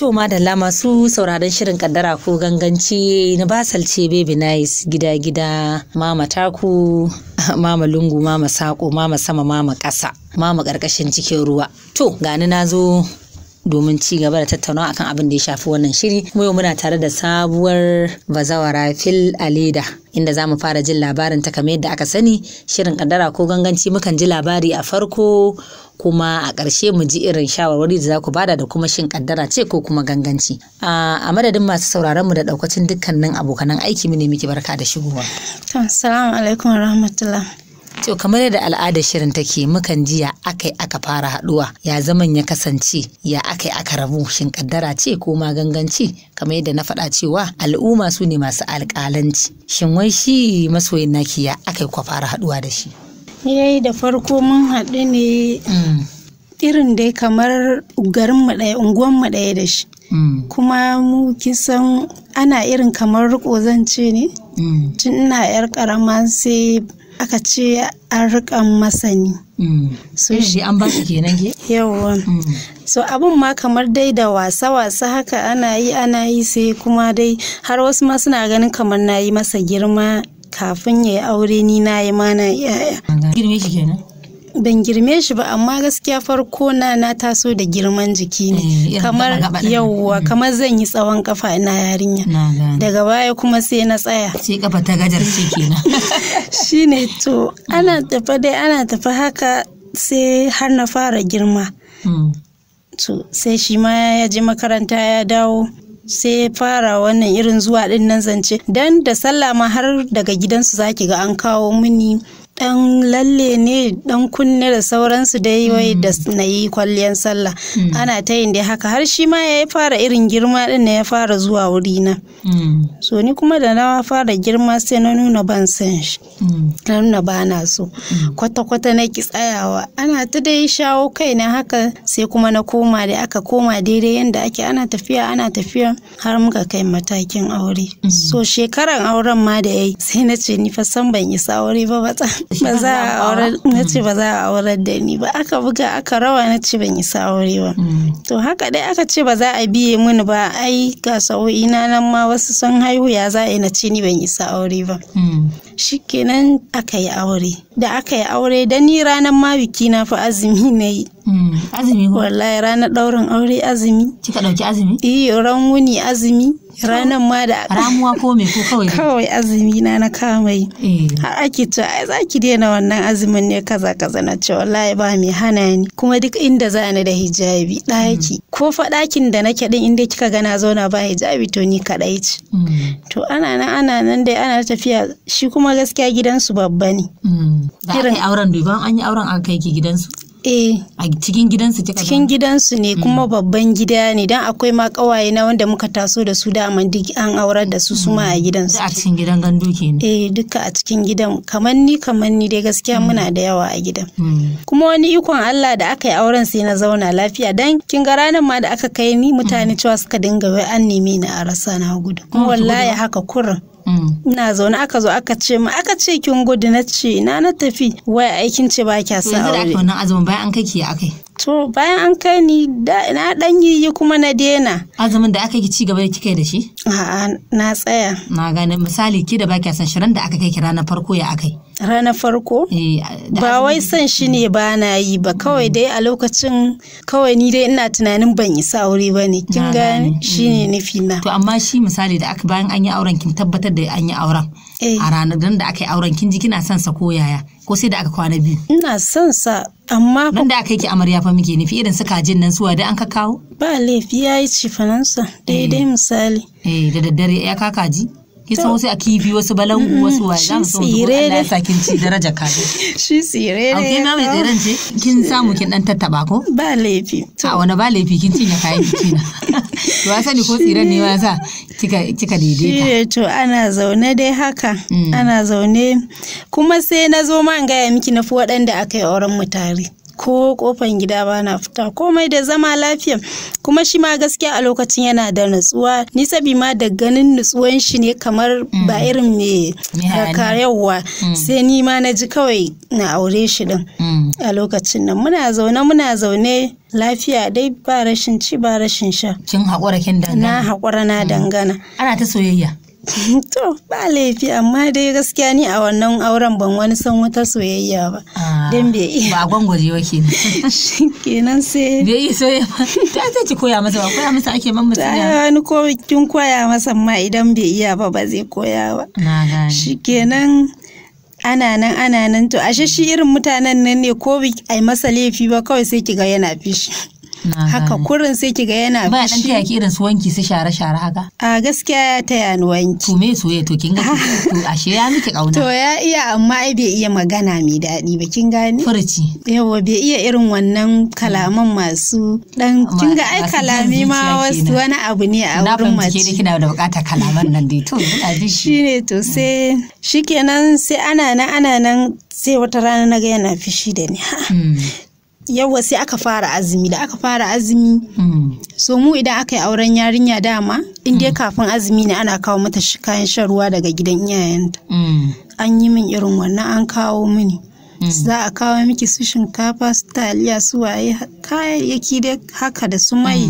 To lama masu sauraron shirin kaddara ko ganganci na basalce baby nice gida gida mama taku mama lungu mama sako mama sama mama ƙasa mama ƙarƙashin cikin ruwa to gani na zo domin ci gaba da tattaunawa akan abin da ya shafi wannan shiri Mu yau muna tare da sabuwar bazawara fil aleda inda za mu fara jin labarin ta kamar yadda aka sani shirin kaddara ko ganganci mukan ji labari a farko kuma a ƙarshe mu ji irin shawarwari da za ku bada da kuma shin kaddara ce ko kuma ganganci a madadin masu sauraron mu da daukacin dukkanin abokanan aiki mu ne muke barka da shigowa assalamu alaikum warahmatullahi To kamar yadda al'adar shirin take mukan jiya ya akai aka fara haduwa ya zaman ya kasance ya akai aka rabu shin kaddara ce ko ma ganganci kamar yadda na faɗa cewa al'umma su ne masu alƙalanci shin wai shi masoyin naki ya akai kwa fara haduwa da shi. Yayi da farko mun haɗu ne mm. irin dai kamar garin ɗaya unguwan mu ɗaya da shi. Mm. Kuma mu kisan ana irin kamar riko zance ne. Mm. Tun ina 'yar ƙarama sai aka ce an rikan masani. Mm. So shi an ba shi kenan ke? Yawwa. Mm. So abun ma kamar dai da wasa-wasa haka ana yi ana yi sai kuma dai har wasu ma suna ganin kamar na yi masa girma kafin ya yi aure ni na yi mana yaya. Girme shi kenan? ban girme shi ba amma gaskiya farko na na taso da girman jiki ne eh, kamar yauwa mm. kamar zan yi tsawon kafa ina yarinya daga baya kuma sai na tsaya sai kafa ta gajar ce kenan shine to ana tafa dai ana tafa haka sai har na fara girma mm. to sai shi ma ya je makaranta ya dawo sai fara wannan irin zuwa din nan zance dan da sallah ma har daga gidansu zaki ga an kawo mini dan lalle ne ɗan kunne da sauransu dai wai hmm. da na yi kwalliyan sallah hmm. ana ta yin dai haka har shi ma ya fara irin girma din da ya fara zuwa wuri na hmm. so ni kuma da na fara girma sai na nuna ban san shi na nuna ba na so kwata kwata na ki tsayawa ana ta dai shawo kai na haka sai kuma na koma da aka koma daidai yanda ake ana tafiya ana tafiya har muka kai matakin aure so shekaran auren ma da yayi sai na ce ni fa san ban isa aure ba ba ba za a aurar na ce ba za a aurar da ni ba aka buga aka rawa na ce ban isa aure ba mm. to haka dai aka ce ba za a biye mini ba ai ga sa'o'i na nan ma wasu sun haihu ya za a yi na ce ni ban isa aure ba mm. shikenan aka yi aure da aka yi aure da ni ranar ma biki na fa azumi na yi hmm, azumi ko wallahi ranar daurin aure azumi kika dauki azumi eh ran wuni azumi ranar ma da ramuwa ko me ko kawai kawai azumi na na kamai eh. har ake cewa ai zaki daina wannan azumin ne kaza kaza na ce wallahi ba mai hana ni kuma duk inda za ni da hijabi daki hmm. ko fa ɗakin da nake din inda kika gana zauna ba hijabi to ni kadai ce hmm. to ana nan ana nan dai ana tafiya shi kuma gaskiya gidansu babba ne. Da hmm. aka yi auren duban an yi auren an kai ki gidansu? Eh. A cikin gidansu kika Cikin gidansu ne mm. kuma babban gida ne dan akwai ma kawaye na wanda muka taso da su da duk an aurar da su suma a mm. gidansu. A cikin gidan gandu kenan. Eh duka a cikin gidan kamar ni kamar ni dai gaskiya mm. muna da yawa a gidan. Kuma wani ikon Allah da aka yi auren sai na zauna lafiya dan kin ga ranar ma da aka kai ni mutane cewa suka dinga wai an neme ni a rasa na gudu. Kuma wallahi haka kurin. ina zaune aka zo aka ce ma aka ce kin gudu na ce ina na tafi wai aikin ce ba kya sa aure yanzu da aka azumin bayan an kai ki akai to bayan an kai ni na dan yi kuma na dena azumin da aka ki ci gaba da kika da shi a'a na tsaya na gane misali ki da ba kya san shirin da aka kai ki ranar farko ya akai ranar farko eh, ba wai son shi ne ba na yi ba kawai dai a lokacin kawai ni dai ina tunanin ban isa aure ba ne kin ga shi ne mm. nufi na to amma shi misali da aka bayan an yi auren kin tabbatar da an yi auren eh. a ranar da aka yi auren kin ji kina son sa ko yaya ko sai da aka kwana biyu ina son sa amma nan da aka yi ki amarya fa muke nufi irin su kajin nan suwa da an ka kawo ba laifi ya yi cifanansa eh. daidai misali eh da daddare ya ka kaji kisa wasu a kifi wasu balangu wasu wa za tsire ne Allah ya ci daraja ka shi tsire ne ke ma mai tsiren ce kin samu kin dan tattaba ko ba laifi a wani ba laifi kin cinye kayan kici na to sani ko tsiren ne ma sa kika kika daidaita shi eh to ana zaune dai haka mm. ana zaune kuma sai na zo man gaya miki na fi waɗanda aka yi auren mutare ko kofan gida ba na fita komai da zama lafiya kuma shi ma gaskiya a lokacin yana da nutsuwa ni sabi ma da ganin nutsuwan shi ne kamar mm. ba irin me karewa mm. sai ni ma na ji kawai na aure shi din mm. a lokacin nan muna zaune muna zaune lafiya dai ba rashin ci ba rashin sha kin haƙura kin dangana na haƙura na dangana ana ta soyayya to ba laifi amma dai gaskiya ni a wannan auren ban wani san wata soyayya ba ah, dan be iya ba gwangwaje wake kenan sai be yi soyayya ba ta ce ki koya masa ba koya masa ake man mutum ya ni ko kin koya masa ma idan be iya ba ba zai koya ba Na shikenan ana nan ana nan to ashe shi irin mutanen nan ne ko ai masa laifi ba kawai sai kiga yana fishi haka kurin sai kiga yana ba dan taya ki irin su wanki su share share haka a gaskiya ya taya ni wanki to me soyayya to kin ga to ashe ya miki kauna to ya iya amma ai bai iya magana mai daɗi ba kin gane furci yawa bai iya irin wannan kalaman masu dan kin ga ai kalami ma wasu wani abu ne a wurin mace na kina da bukatar kalaman nan dai to ina ne to sai shikenan sai ana nan ana nan sai wata rana na ga yana fishi da ni hmm. Yau sai aka fara azumi da aka fara azumi hmm. so mu idan aka yi auren yarinya dama in dai hmm. kafin azumi ne ana kawo mata kayan shan ruwa daga gidan iyayenta hmm. an yi min irin wannan an kawo mini za a kawo miki su shinkafa su taliya su waye kayayyaki dai haka da su mai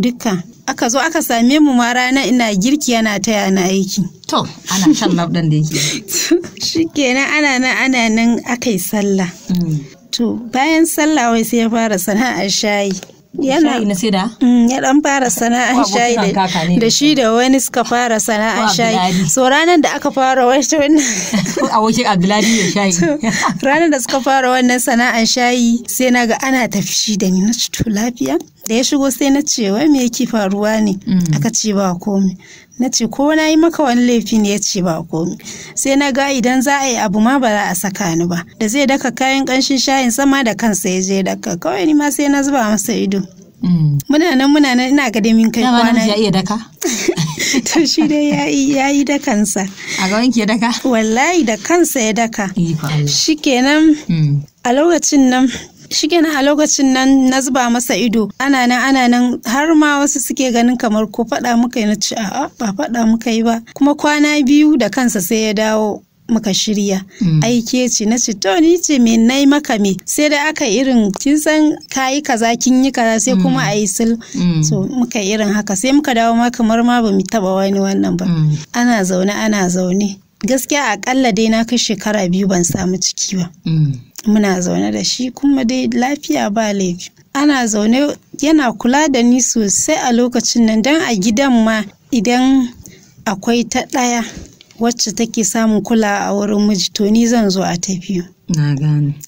duka aka zo aka same mu ma rana ina girki yana taya yana aiki to ana shan labdan da yake shikenan ana nan ana nan aka yi sallah to bayan sallah wai sai ya fara sana'ar shayi yana na sida mm, ya dan fara sana'an shayi da shi da wani suka fara sana'an shayi so ranar da aka fara wata wannan abokin abdulladi ya shayi ranar da suka fara wannan sana'an shayi sai na ga ana tafi shi da ni na ci lafiya da ya shigo sai na ce wai me yake faruwa ne mm. aka ce ba komai na ce ko na yi maka wani laifi ne ya ce ba komi sai na ga idan za a yi abu ma ba za a saka ni ba da zai daka kayan kanshin shayin sama da kansa ya je daka kawai ni ma sai na zuba masa ido mm. muna nan muna nan ina ga min kai kwana ya iya daka to shi dai ya yi da kansa a ga wanki ya daka wallahi da kansa ya daka shikenan mm. a lokacin nan shikenan a lokacin nan na zuba masa ido ana nan ana nan har ma wasu suke ganin kamar ko faɗa muka yi na ci a'a ba faɗa muka yi ba kuma kwana biyu da kansa sai ya dawo muka shirya mm. aike ce na ce to ni ce me nai maka me sai da aka irin kin san kayi kaza kin yi kaza sai kuma mm. a yi sul mm. so muka irin haka sai muka dawo ma kamar ma ba mu taba wani wannan ba ana zaune ana zaune gaskiya akalla dai na kai shekara biyu ban samu ciki ba muna zaune da shi kuma dai lafiya ba laifi ana zaune yana kula da ni sosai a lokacin nan don a gidan ma idan akwai ta ɗaya wacce take samun kula a wurin miji to ni zan zo a ta biyu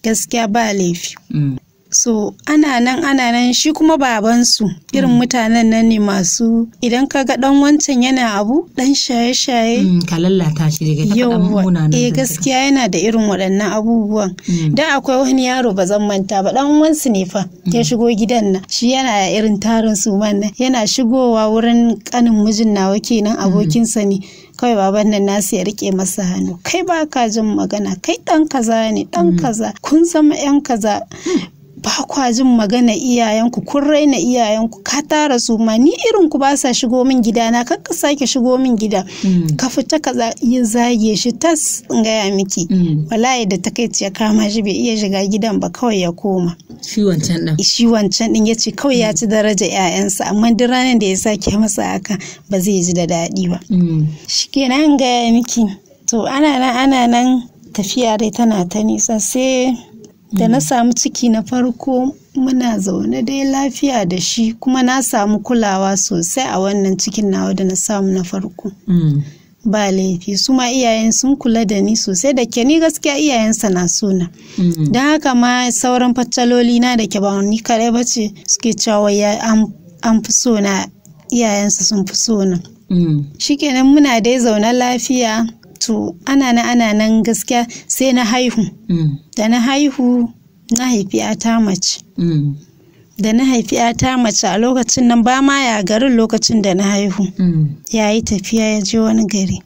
gaskiya ba laifi mm. so ana nan ana nan shi kuma babansu irin mm. mutanen nan ne masu idan ka ga dan wancan yana abu dan shaye-shaye mm, ka lallata shi daga ta eh gaskiya yana da irin waɗannan abubuwan mm. da akwai wani yaro ba zan manta ba ɗan wansu ne fa ya shigo gidan nan shi yana irin tarin su nan yana shigowa wurin kanin mijin nawa kenan abokinsa ne kawai baban nan nasu ya rike masa hannu kai ba ka jin magana kai ɗan kaza ne dan kaza kun zama yan kaza ba kwa jin magana iyayenku kun raina iyayenku ka tara su ma ni irin ku ba sa shigo min gida na kan ka sake shigo min gida mm. ka fita ka yi zage shi tas in gaya miki mm. wallahi da takaici ya kama shi bai iya shiga gidan ba kawai ya koma shi wancan din shi wancan din yace kawai ya ci mm. daraja ƴaƴansa amma duk ranar da ya sake masa haka ba zai ji da daɗi ba shikenan in gaya miki to ana nan ana nan tafiya dai tana ta nisa sai da na mm. samu ciki na farko muna zaune dai lafiya da shi kuma na samu kulawa sosai a wannan cikin nawa da na samu na farko mm. ba laifi su ma iyayen sun kula da ni sosai da ke ni gaskiya iyayensa na suna mm. don haka ma sauran fataloli na da ke ba ni kare ba ce suke cewa an fi sona iyayensa sun fi sona kenan muna dai zaune lafiya to ana na ana nan gaskiya sai na haihu mm. da na haihu na haifi ta mace mm. da na haifi ta mace a lokacin nan ba ma ya garin lokacin da na haihu mm. ya yi tafiya ya je wani gari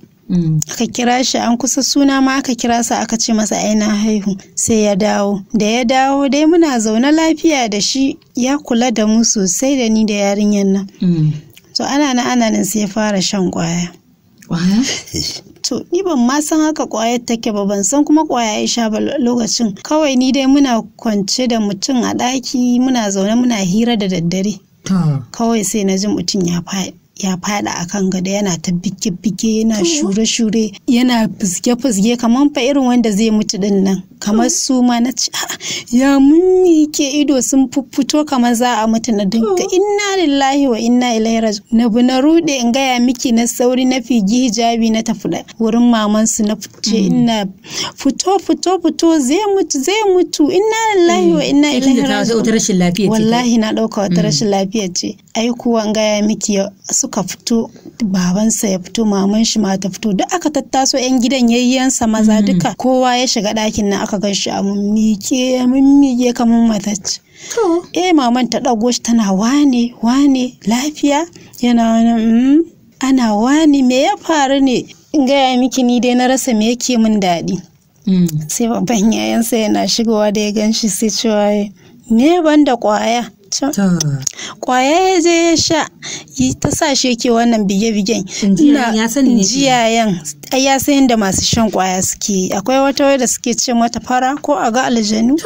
aka kira shi an kusa suna ma aka kira sa aka ce masa aina haihu sai ya dawo da ya dawo dai muna zaune lafiya da shi ya kula da mu sosai da ni da yarinyar nan to ana na ana nan sai ya fara shan kwaya to ni ban ma san haka kwayar take ba ban san kuma kwaya ya sha ba lokacin kawai ni dai muna kwance da mutum a ɗaki muna zaune muna hira da daddare kawai sai na ji mutum ya faɗi ya fada a kan gado yana ta bike-bike yana shure-shure yana fizge-fizge kamar fa irin wanda zai mutu din nan kamar su ma na ci ah, ya ke ido sun fito kamar za a mutu na dinka inna lillahi wa inna ilaihi raji'un na bu na rude in gaya miki na sauri na figi hijabi na tafi da. wurin maman su na fice mm. ina fito fito fito zai mutu zai mutu inna lillahi mm. wa inna ilaihi raji'un wallahi na dauka wata mm. rashin lafiya ce ai kuwa in gaya miki suka fito babansa ya fito maman shi ma ta fito duk aka tattaso yan gidan yayyansa maza mm-hmm. duka kowa ya shiga ɗakin nan aka gan shi a mummike mummike kamar matacce eh maman ta ɗago shi tana wane wane lafiya yana wani mm, ana wani me ya faru ne in gaya miki ni dai na rasa me yake min daɗi mm. sai babban yayansa yana shigowa da ya ganshi sai cewa ne ban da ƙwaya can ya zai ya sha ta sa shi yake wannan bige-bigen jiyayen ya san yadda masu shan kwaya suke akwai wata da suke ce mata fara ko a ga aljanu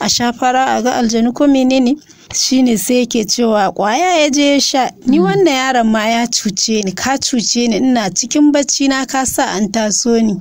a sha fara a ga aljanu ko menene shine sai yake cewa kwaya ya je ya sha ni mm. wannan yaron ma ya cuce ni ka cuce ni ina cikin bacci na ka sa an taso ni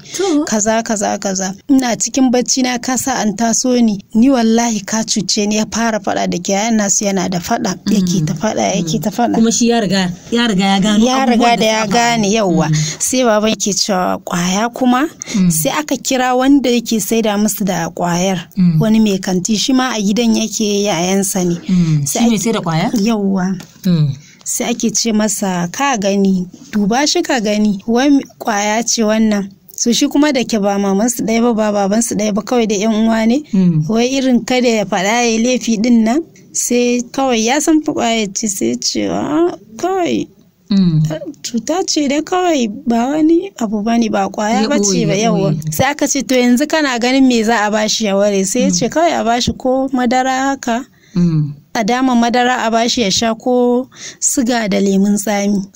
kaza kaza kaza ina cikin bacci na ka sa an taso ni ni wallahi ka cuce ni ya fara fada da ke yana su yana da fada mm. yake ta fada yake ta fada kuma shi ya riga ya riga ya gano ya riga da ya gane yauwa mm. sai baban yake cewa kwaya kuma sai aka kira wanda yake saida musu da kwayar wani mai kanti shi ma a gidan yake yayansa ne Hmm, shi ne sai da kwaya yawwa hmm. sai ake ce masa ka gani duba shi ka gani wani kwaya ce wannan su shi kuma da ke ba mamansu ɗaya ba ba babansu ɗaya ba kawai da yan uwa ne hmm. wai irin kada ya faɗa ya laifi din nan sai kawai ya san fi kwaya ce sai cewa kawai cuta ce da kawai ba wani abu ba ne ba kwaya ba ce ba yawa sai aka ce to yanzu kana ganin me za a bashi ya ware sai ya ce kawai a bashi ko madara haka a dama madara a bashi ya sha ko siga da lemun tsami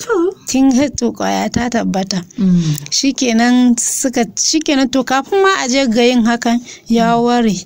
kin to kwaya ta tabbata mm. shikenan suka shikenan to kafin ma a je ga yin hakan ya ware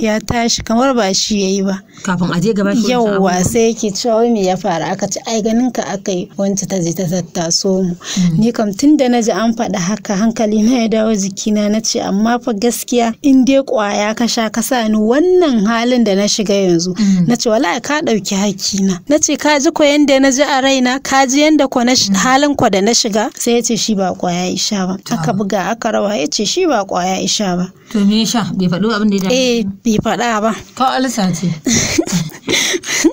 ya tashi kamar ba shi ya yi ba kafin a je gaba yauwa sai yake cewa me ya faru aka ci ai ganin ka aka yi wancan ta je ta tattaso mu mm. ni kam tun da naji an faɗa haka hankali na ya dawo jikina na ce amma fa gaskiya in dai kwaya ka sha ka sa ni wannan halin da na shiga yanzu mm. na ce wallahi ka ɗauki hakina na ce ka ji ko yanda na ji a raina ka ji yanda ko na mm. halin ko da na shiga sai ya ce shi ba kwaya isha ba aka buga aka rawa ya ce shi ba kwaya isha ba to me sha bai faɗo abin da ya eh bai faɗa ba Ka alisa ce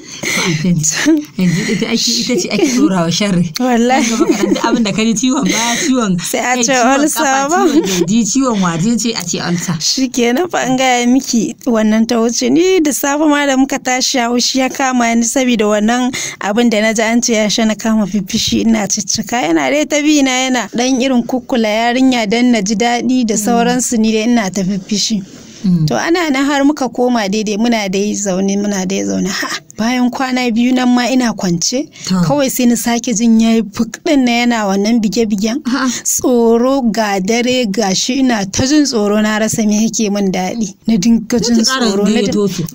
content yanzu ita ake ita ce ake dora wa sharri wallahi makaranta abin da kaji ciwon baya ciwon sai a ce ulsa ba ciwon ciwon waje ce a ce ulsa shikenan fa an gaya miki wannan ta wuce ni da safe ma da muka tashi a wushi ya kama ni saboda wannan abin da na ji an ce ya sha na kama fifishi ina ciccika yana dai ta bi na yana dan irin kukkula yarinya dan na ji daɗi da mm. sauransu ni dai ina ta fifishi mm. to ana na har muka koma daidai muna dai zaune muna dai zaune ha bayan kwana biyu nan ma ina kwance kawai sai na sake jin ya yi fukɗin na yana wannan bige-bigen tsoro ga dare ga shi ina ta jin tsoro na rasa me yake min daɗi na dinga jin tsoro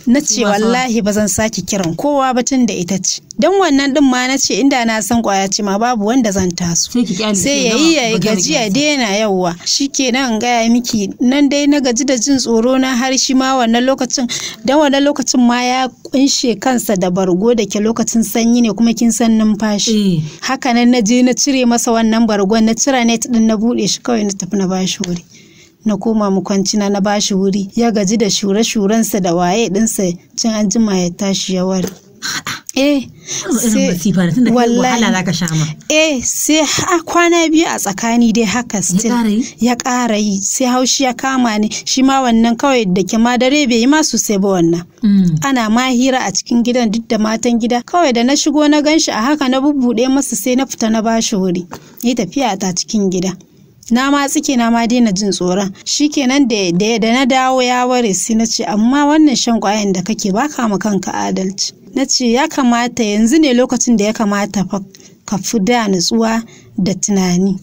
na ce wallahi ba zan sake kiran kowa ba tun da ita ce don wannan din ma na ce inda na san kwaya ce ma babu wanda zan taso sai ya yi ya gajiya daina yauwa shikenan gaya miki nan dai na gaji da jin tsoro na har shi ma wannan lokacin don wannan lokacin ma ya kunshe kansa da bargo da ke lokacin sanyi ne kuma kin san numfashi eh. haka nan na je na cire masa wannan bargon na cira net din na bude shi kawai na tafi na bashi wuri na koma mu kwancina na bashi wuri ya gaji da shure-shurensa da waye ɗinsa cin anjima ya tashi ya ware eh sha eh sai a kwana biyu a tsakani dai haka still ya ƙara yi sai haushi ya kama ni shi ma wannan kawai da ke madare dare bai yi ma sosai ba wannan mm. ana ma hira a cikin gidan duk da matan gida kawai da na shigo na gan shi a haka na bubbuɗe masa sai na fita na bashi wuri yi tafiya ta cikin gida na ma tsike na ma daina jin tsoron shikenan da da na dawo ya ware sai na ce amma wannan shan kwayan da kake baka ma kanka adalci na ce ya kamata yanzu ne lokacin da ya kamata ka fi da nutsuwa da tunani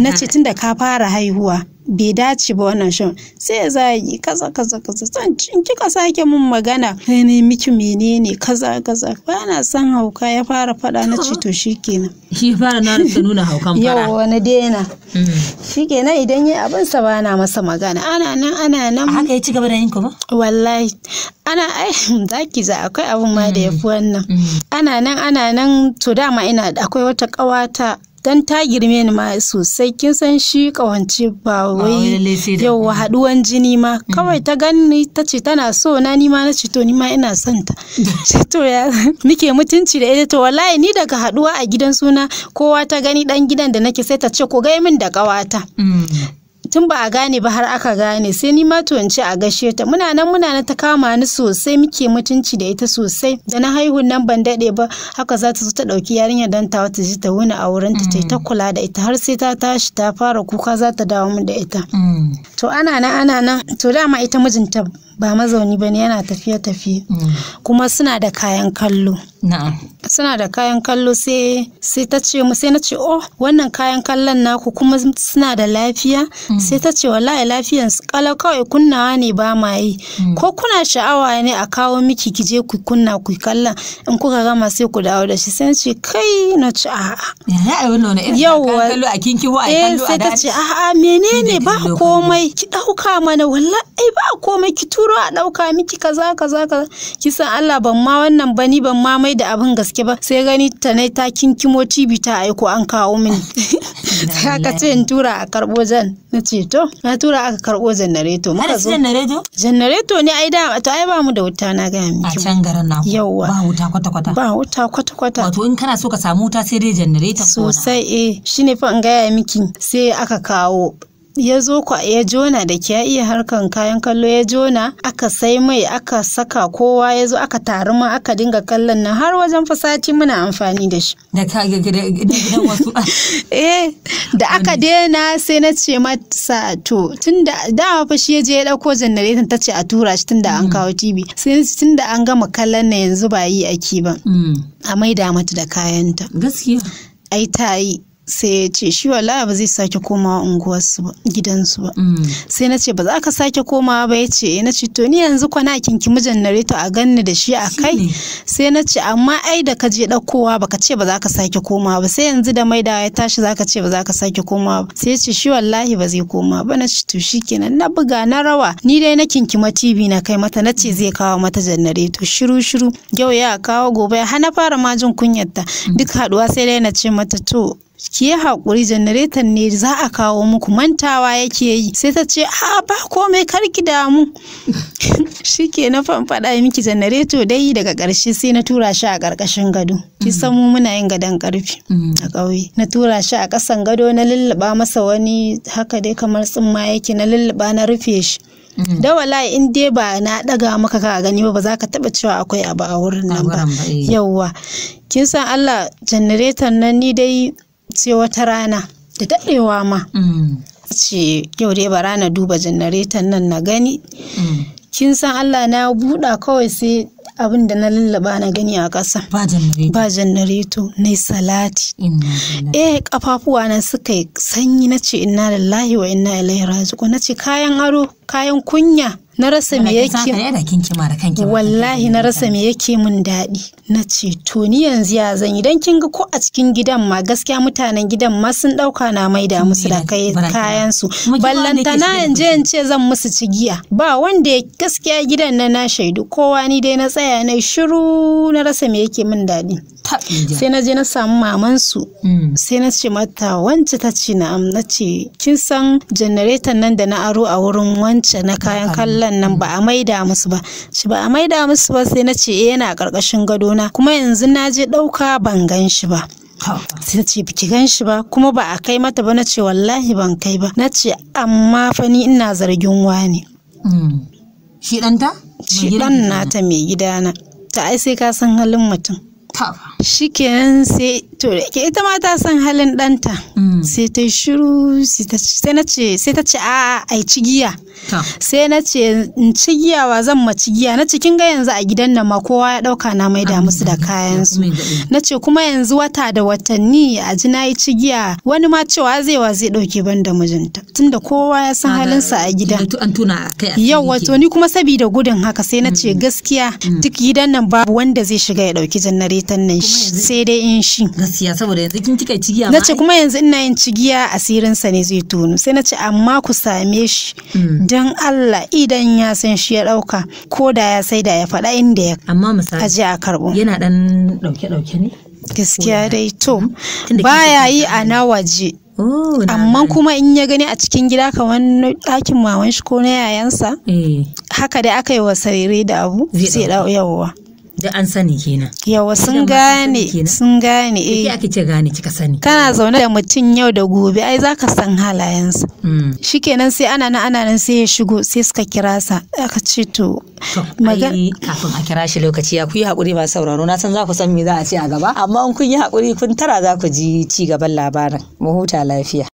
na ce tunda ka fara haihuwa bai dace ba wannan shan sai zagi kaza kaza kaza san cin kika sake mun magana kai ne miki menene kaza kaza bana san hauka ya fara fada na ce to shikenan shi fara na nuna haukan fara yau wani dena mm. shikenan idan yayi abin sa bana masa magana ana nan ana nan haka ya ci gaba da yin kuma wallahi ana ai zaki za akwai abin ma da yafi mm. wannan mm. ana nan ana nan to dama ina akwai wata kawata don ta girme ni ma sosai kin san shi kawance ba wai yau haduwan jini ma mm. kawai ta gani ta ce tana so na ni ma na ce ni ma ina son ta cito ya nike mutunci da ita to wallahi ni daga haɗuwa a gidan suna kowa ta gani ɗan gidan da nake sai ta ce ko ga min da ƙawata. Mm. tun ba a gane ba har aka gane sai ni ma to ce a gashe ta muna nan muna nan ta kama ni sosai muke mutunci da ita sosai da na haihu nan ban dade ba haka za ta zo ta ɗauki yarinyar dan ta ta ji ta wuni a wurin ta ta mm. kula da ita har sai ta tashi ta fara kuka za ta dawo min da ita mm. to ana nan ana nan to dama ita mijinta ba mazauni ba ne yana tafiye-tafiye mm. kuma suna da kayan kallo suna da kayan kallo sai ta ce mu sai na ce oh wannan kayan kallon naku kuma suna da lafiya mm. sai ta ce wallahi lafiyan su kala kawai kunnawa ne ba ma yi mm. ko kuna sha'awa ne a kawo miki ki je ku kunna ku kalla? in kuka gama sai ku dawo da shi sai na ce kai na ci a'a a eh sai ta ce a'a menene ba komai ki dauka mana wallahi ba komai ki tu turo a ɗauka miki kaza kaza kaza kisan Allah ban ma wannan ba ni ban ma mai da abin gaske ba sai gani ta ne ta kinkimo cibi ta aiko an kawo mini haka ce in tura a karɓo jan na ce to na tura aka karɓo janareto muka zo janareto janareto ne ai da to ai ba mu da wuta na gaya miki a can garin naku yawwa ba wuta kwata kwata ba wuta kwata kwata wato in kana so ka samu wuta sai dai janareto sosai eh shine fa in gaya miki sai aka kawo ya zo ya jona da ke iya harkan kayan kallo ya jona aka sai mai aka saka kowa ya zo aka taru ma aka dinga kallon nan har wajen fasati muna amfani da shi da ka ga gidan wasu eh da aka daina sai na ce masa to tunda dama fa shi ya je ya dauko janareton ta ce a tura shi tunda an mm. kawo TV sai tunda an gama kallon na yanzu ba yi aki ba mm. a maida mata da kayanta gaskiya ai ta yi sai ya ce shi wala ba zai sake komawa unguwarsu ba gidansu ba mm. sai na ce ba za ka sake koma ba ya ce eh, na ce to ni yanzu kwana kinki mijin nareto a ganni da shi a kai sai na ce amma ai da ka je ɗaukowa ka ce ba za ka sake komawa ba sai yanzu da maida ya tashi za ka ce ba za ka sake komawa ba sai ya ce shi wallahi ba zai koma ba na ce to shi kenan na buga na rawa ni dai na kinkima tv na kai mata na ce zai kawo mata janareto shiru shiru yau ya kawo gobe har na fara majin jin kunyarta mm. duk haɗuwa sai dai na ce mata to ki yi hakuri janaretan ne za a kawo muku mantawa yake yi sai ta ce a ba komai kar ki damu shi ke na fanfaɗa miki janareto dai daga ƙarshe sai na tura shi a ƙarƙashin gado ki mm. san mu muna yin gadon ƙarfi mm. a ƙauye na tura shi a ƙasan gado na lulluɓa masa wani haka dai kamar tsumma yake na lulluɓa na rufe shi mm. da wala in dai ba na ɗaga maka ka gani ba za ka taba cewa akwai abu a wurin nan ba eh. yauwa kin san Allah janaretan nan ni dai sai wata rana da daɗewa ma mm. ce yau dai bara na duba janaretan nan na gani mm. kin san Allah na buɗa kawai sai abin da na lullaba na gani a ƙasa ba janareto na salati eh kafafuwa na suka yi sanyi na ce inna lillahi wa inna ilaihi raji'un na ce kayan aro kayan kunya na rasa me yake wallahi na rasa me yake mun daɗi na ce to ni yanzu ya zan idan kin ga ko a cikin gidan ma gaskiya mutanen gidan ma sun ɗauka na maida musu da kayan su ballanta na yanje in ce zan musu cigiya ba wanda gaskiya gidan na na shaidu kowa ni dai na tsaya na shiru na rasa me yake mun daɗi sai na je na samu maman su mm. sai na ce mata wance ta ce na na ce kin san janaretan nan da na aro a wurin wance na kayan kallon kwallon nan ba a maida musu ba shi ba a maida musu ba sai na ce eh, yana karkashin gadona kuma yanzu na je ɗauka ban gan shi ba sai ce biki gan shi ba kuma ba a kai mata ba na ce wallahi ban kai ba na ce amma fa ni ina zargin wani hmm. shi ɗanta? shi ɗan nata mai gidana ta ai sai ka san halin mutum shi kenan sai to ke ita ma ta san halin ɗanta hmm. sai ta shiru sai ta ce a a ci giya sai na ce in ci giyawa zan ma ci giya na cikin ga yanzu a gidan nan ma kowa ya dauka na mai da musu da kayan su na ce kuma yanzu wata da watanni a ji na yi ci giya wani ma cewa zai wa zai dauke ban da mijinta tunda kowa ya san halinsa a gidan yau wato ni kuma sabida gudun haka sai na ce gaskiya mm. duk gidan nan babu wanda zai shiga ya dauki janaretan nan sai dai in shi gaskiya saboda yanzu kin kika giya na ce kuma yanzu ina yin cigiya asirinsa ne zai tono sai na ce amma ku same shi mm. don Allah idan ya san shi ya ɗauka ko da ya sai da ya faɗa inda ya amma misali a karɓo yana ɗan ɗauke-ɗauke ne gaskiya dai to mm-hmm. baya yi a na waje oh, amma kuma in ya gani a cikin gida ka wani ɗakin maman shi ko na yayansa eh. haka dai aka yi wa sarere da abu zai ɗau yawwa da an sani kenan yawa sun gane sun gane eh ya ce gane kika sani kana zaune da mutum yau da gobe ai ka san halayensa hmm. shikenan sai ana nan ana nan sai ya shigo sai suka kira sa aka ce to magana kafin a kira shi lokaci ya ku yi hakuri ba sauraro na san za ku san me za a ce a gaba amma in kun yi hakuri kun tara za ku ji ci gaban labarin mu huta lafiya